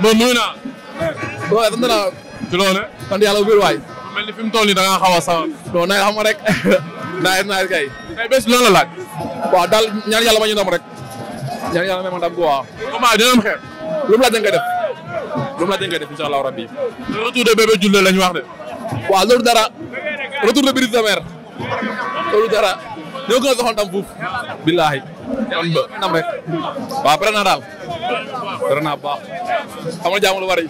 moom nuyu naa. waaw sant naa. ci loolu. sant yàlla bu wér waay. mel ni fi mu toll nii da ngaa xaw a sawar. non na nga xam rek. naa yéen naa kay. bés bi lan la laaj. waaw daal ñaan yàlla ma ñu ndam rek. ñaan yàlla may ma ndam quoi. comment dina am xeex. lu mu laaj da nga def. lu mu laaj da nga def incha allah rabbi. retour de bébé Diouldé la ñu wax de. waaw loolu dara. retour de Brise de Mer. loolu dara. ñoo gën a soxal ndam fuuf. billaahi. kon ba ndam rek. waaw pare naa daal. pare naa bu baax. xam nga jaamu lu bari.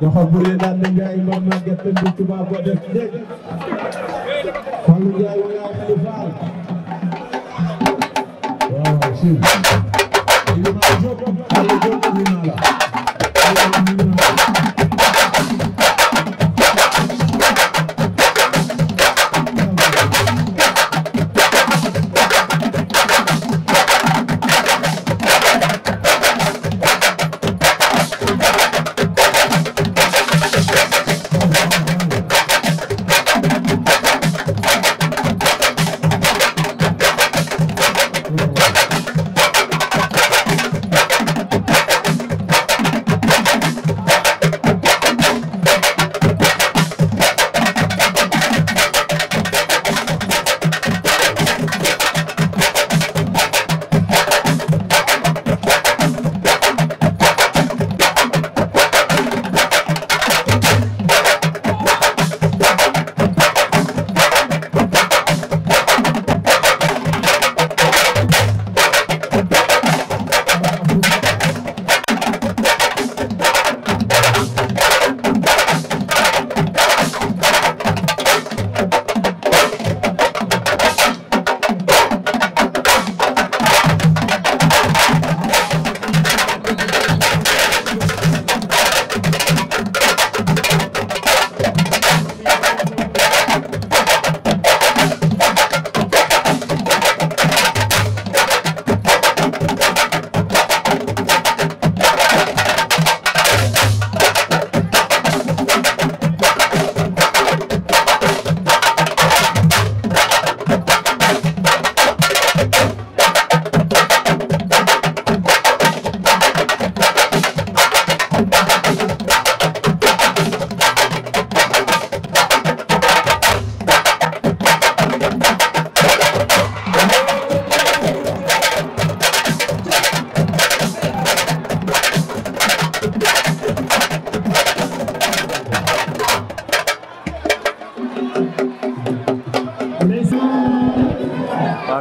loxo bu ne daal di jaay moom la gerte bi tubaab boo def dégg Fallou Ndiaye wala Aliou Fall waaw si.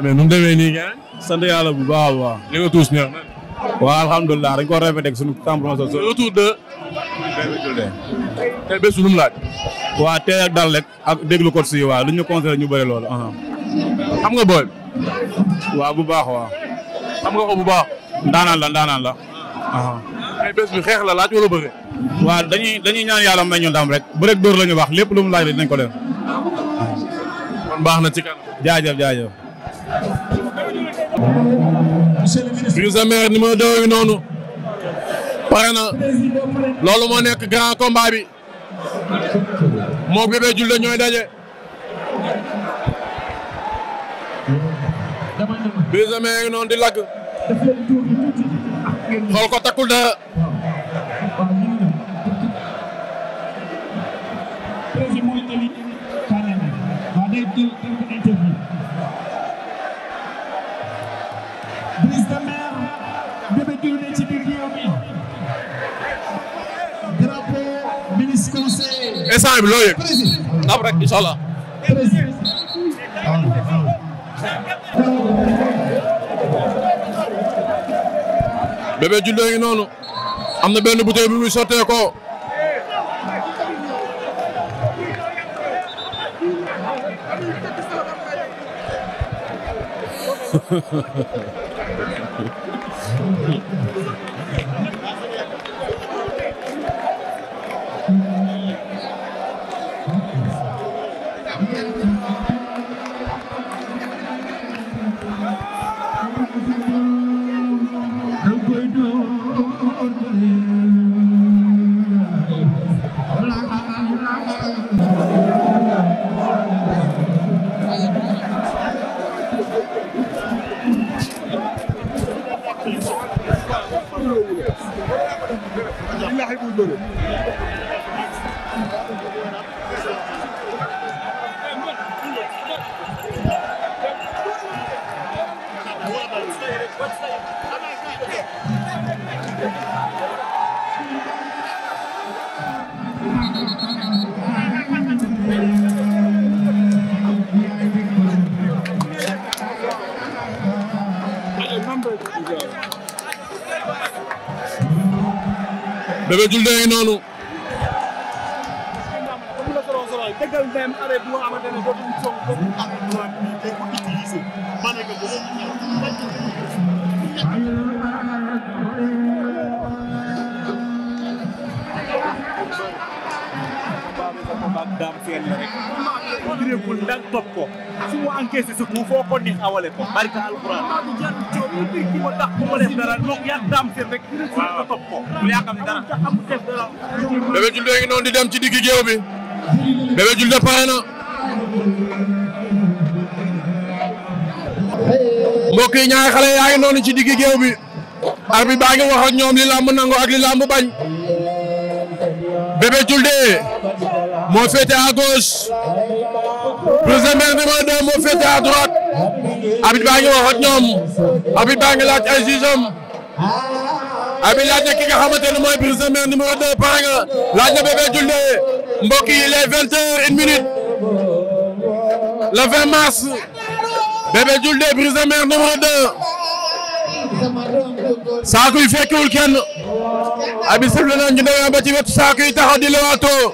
waaw mais demee nii ngeen. sant yàlla bu baax a baax. li nga tuus neex na. waaw alhamdulilah dañ ko rafetlu ak sunu temperance. retour de. tey bés lu mu laaj. waa tey ak dal rek déglu ko si waaw lu ñu conseillé ñu bëri loolu. Uh-huh. xam nga booy. waaw bu baax waaw. xam nga ko bu baax. ndaanaan la ndaanaan la. Uh-huh. tey bés bi xeex la laaj wala bëre. waaw dañuy ñaan yàlla may ñu ndam rek bu rek dóor la ñu wax lépp lu mu laaj rek dinañ ko def. kon baax na ci kan. jaajëf jaajëf. Brise de Mer numéro 2 noonu pare na loolu moo nekk grand combat bi moo Bébé Diouldé ñooy daje. Brise de Mer di lagg xool ko takkul dara. instant bi loo yëg. ndam rek incha allah. Bébé noonu. am na benn bouteille bi muy sottee ko bëre wu la. billaahi buy bëre. Bébé Diouldé ngi noonu. combat ak Dame ko su mu encaissé sa coup foo ko neex awale ko barka ko tax ku ko di dem ci digg géew bi Bébé Diouldé pare mbokk yi ñaari yaa ngi ci digg géew bi arbi baa ngi wax ak ñoom li làmb nangu ak li làmb bañ Bébé Diouldé moo féete à gauche Brise de Mer moo féete à droite arbitre baa ngi wax ak ñoom arbitre baa ngi laaj ay juge am na ki nga xamante ne mooy Brise de Mer numéro 2 na Bébé Diouldé mbokk yi les vingt heures une minute le 20 mars Bébé Diouldé Brise de Mer saaku yi fekkiwul kenn arbitre sëb la ñu demee ba ci saaku yi taxaw di lewaatoo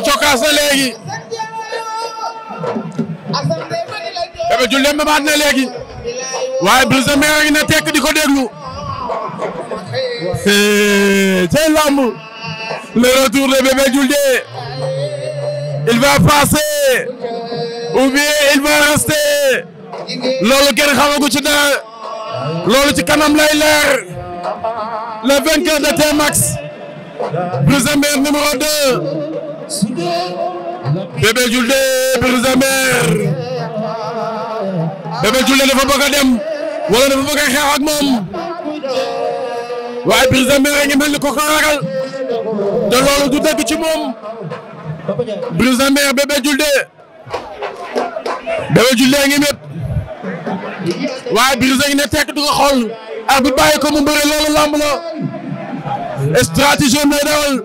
Bébé cokkaas na léegi Bébé Diouldé mbabaat na léegi waaye Brise de Mer ngi na tekk di ko déglu c'est lamb le retour de Bébé Diouldé il va passer ou bien il va rester loolu kenn xamagu ci dara loolu ci kanam lay leer le vainqueur de Tmax Brise de Mer numéro 2 Bébé Diouldé Brise de Mer Bébé Diouldé dafa bëgg a dem wala dafa bëgg a xeex ak moom waaye Brise de Mer a ngi mel ni ko ko ragal te loolu du dëgg ci moom Brise de Mer Bébé Diouldé Bébé Diouldé a ngi mépp waaye Brise a ngi ne tekk du ko xool arbitre bàyyi ko mu bëre loolu lamb la stratégie lay dawal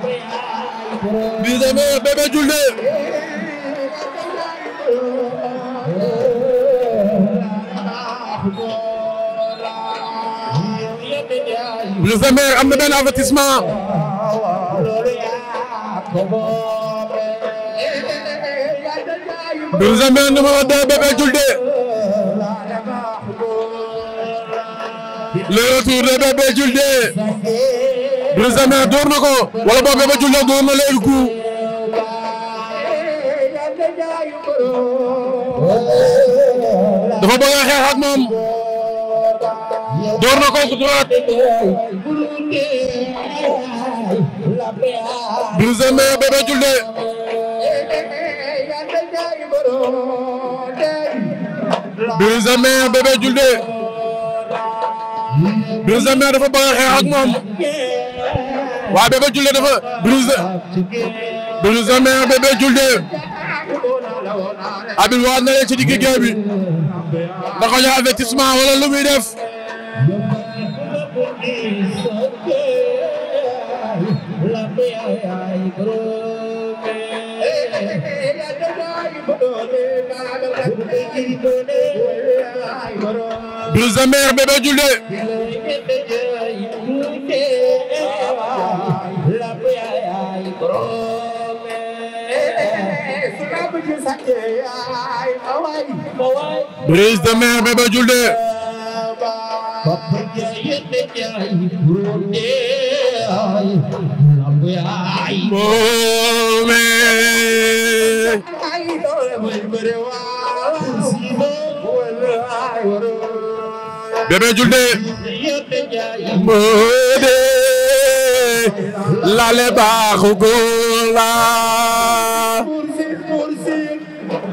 Brise de Mer Bébé Diouldé Brise de Mer am na benn avertissement Brise de Mer numéro 2 Bébé Diouldé le retour de Bébé Diouldé Brise de Mer door na ko wala boobu Bébé Diouldé door na léegi ku dafa bëgg a xeex ak moom door na ko ku droite Brise de Mer Bébé Diouldé Brise de Mer Bébé Diouldé Brise de Mer dafa bëgg a xeex ak moom waa Bébé Diouldé dafa Brise Brise de Mer Bébé Diouldé Habib waat na leen ci digg géew bi da ko jox avertissement wala lu muy def Brise de Mer Bébé Diouldé Brise de Mer Bébé Diouldé Bébé Diouldé moode lale baaxu góor la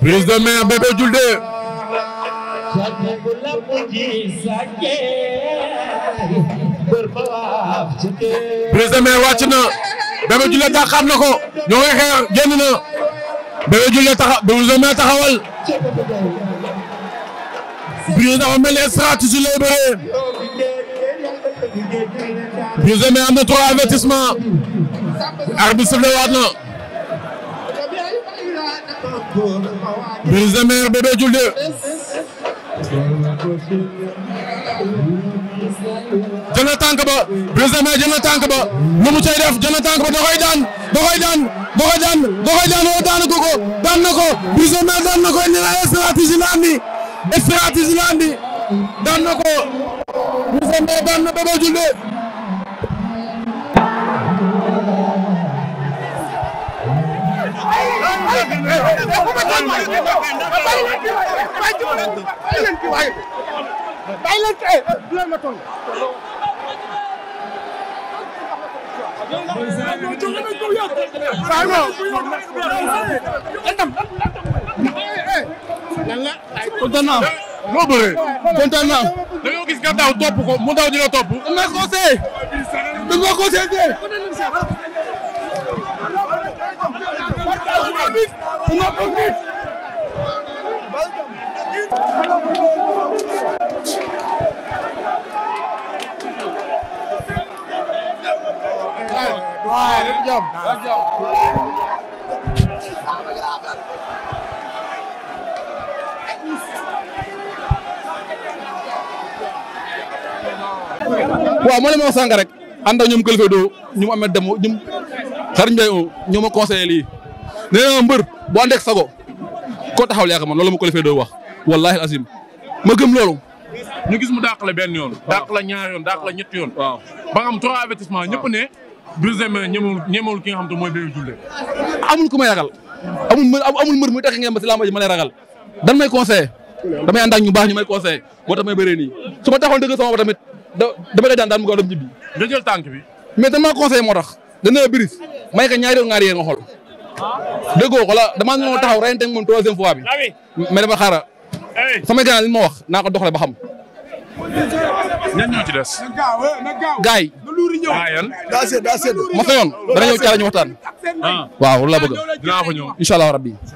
prise de main Bébé Diouldé prise de main wàcc na Bébé Diouldé dàqaat na ko ñoo ngi xeex génn na Bébé Diouldé taxa prise de main taxawal prise dafa mel ni stratégie lay bëree prise de main am na trois avertissement arbitre sifflé waat na Brise de Mer Bébé Diouldé jël na tànk ba Brise de Mer jël na tànk ba nu mu cay def jël na tànk ba da koy daan da koy daan da koy daan da koy daan woo daan ko ko daan na ko Brise de Mer daan na ko indi na stratégie la andi stratégie la andi daan na ko Brise de Mer daan na Bébé Diouldé kontaan naa. loo bëree. kontaan naa. da nga gis nga daaw topp ko mu daaw dina topp. da nga conseillé. da nga conseillé. service to not compete. Right, good job. Good waaw moo leen wax sànq rek ànd ak ñoom kilifa do ñu amee demo ñum xar njay ñoo ma conseillé lii nee na mbër boo àndeeg sago koo taxawal yaakaar man loolu ma ko lefee doon wax wallaahi azim ma gëm loolu. ñu gis mu dàq la benn yoon. waaw dàq la ñaar yoon dàq la ñetti yoon. waaw ba nga am trois avertissement ñëpp ki nga xam te mooy Bébé Diouldé. ku ma ragal. amul mbër amul mbër muy tax ngeen ba si làmb ji ma lay ragal. dan may conseillé. damay ànd ñu baax ñu may conseillé moo tax may bëree nii su ma taxoon dëgg tamit da dama lay daan daan mu gaaw dem ñibbi. nga jël tànk bi. mais damaa conseillé moo tax. dana la Brise may ko ñaari yoon nga xool déggoo ko la damaa ñëw taxaw reyante ak moom troisième fois bi. mais dama xaaral. sama gànnaar li ma wax naa ko doxalee ba xam. ñan ñoo eh, yi. ah yan. yoon dana ñëw caa la ñu waxtaan. Ah. waaw loolu laa bëgg. allah rabbi.